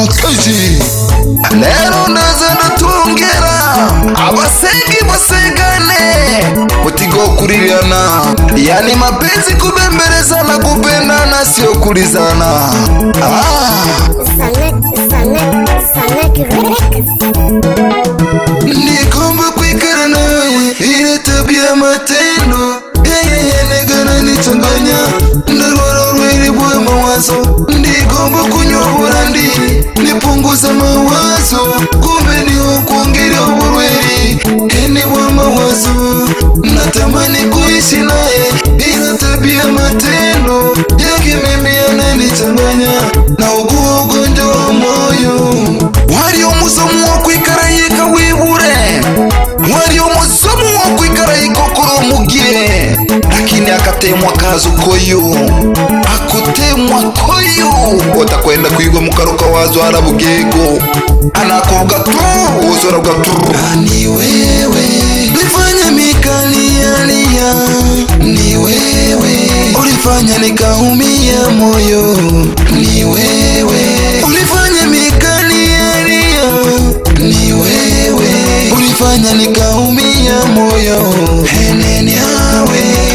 mukazi rero ndaza ndatongera abasengi basengane mutigo kulilyana yani mapenzi kubembelezana kupendana sio kulizana ah. nikomba kwikara nawe ile tabia matendo yeyeye negana nichanganya ndarwara urwiri bwe mawazo kusama wazo kumbe ni kuongelea burweri eni wa mawazo natamani kuishi naye ila tabia matendo yake mimi yananichanganya na ugua ugonjwa wa moyo wali omusomu wo kwikara yeka wibure wali omusomu wo kwikara ikokoro omugire lakini akatemwa kazukoyo watakwenda kwigwa mukaruka wazo harabugego anakoga tu wozorabuga tu ni wewe ulifanya mikalialia ni wewe ulifanya nikaumia moyo ni wewe ulifanya mikalialia ni wewe ulifanya nikaumia moyo heneni awe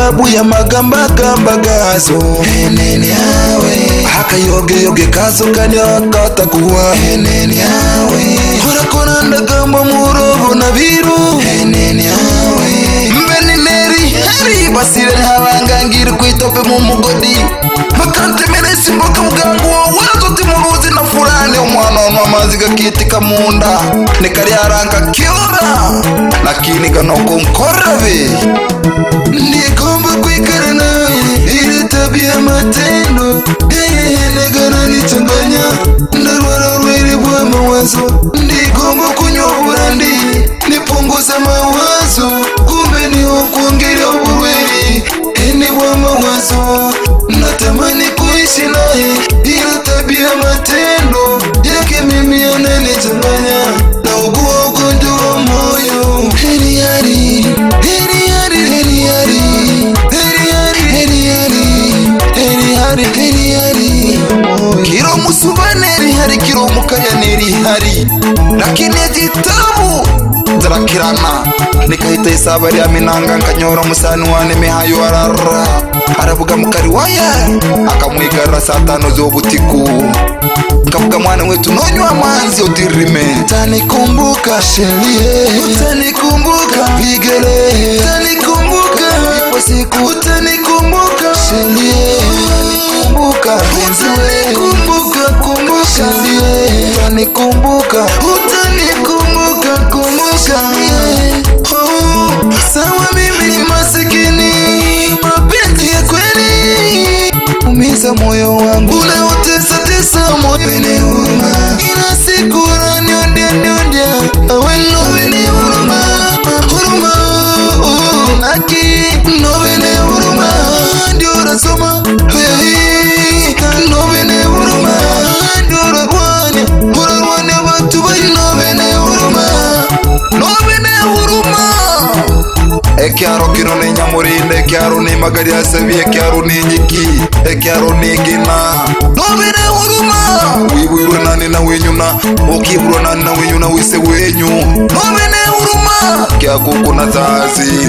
sababu ya magambagamba gazo akayogeyoge kazo kanyakatakuwa korakora ndagamba murobona biruu basire ntabangangira kuitope mu mugodi bakantemeresa imboga bwangu wowe nzote mu ruzi na fulani umwana wanwa amazi gakitika kamunda nda nekari kiora nakiniga noko mkorabe ndigomba kwikara nawe ile tabia matendo yenegana nichanganya ndarwara rwiribwa mawazo ndigomba kunyobura ndini nipunguza mawazo kumbe niwo mawazo, natamani kuishi naye, ila tabia matendo yake mimi yananichanganya, naugua ugonjwa wa moyo. Heri yari, Heri yari, Heri yari, Heri yari, Heri yari, Heri yari, Heri yari. kiro musubane Heri Hari, kiro mukanya Heri Hari, lakini ajita kirana nikahita isaba rya minanga nkanyora musani wane mihayo arara aravuga mukari waye akamwigarra saa tano z'obutiku nkavuga mwana wetu nonywa amazi otirime utanikumbuka sherie utanikumbuka bigere utanikumbuka ipo siku utanikumbuka sherie utanikumbuka benzi kumbuka kumbuka utanikumbuka utanikumbuka ukakumbuka oh, sawa mimi ni masikini, mapenzi ya kweli umiza moyo wangu, unaotesa tesa moyo ni huruma, ila siku naniondia niondia awenowene huruma huruma oh, aki nowene huruma kiaro kino ni nyamurinda kiaro ni magari asebi kiaro ni nyiki e kiaro ni gina nobere huruma wibwirwe nani na wenyuna okibirwe nani na na wise wenyu nobene huruma kyakuku na zazi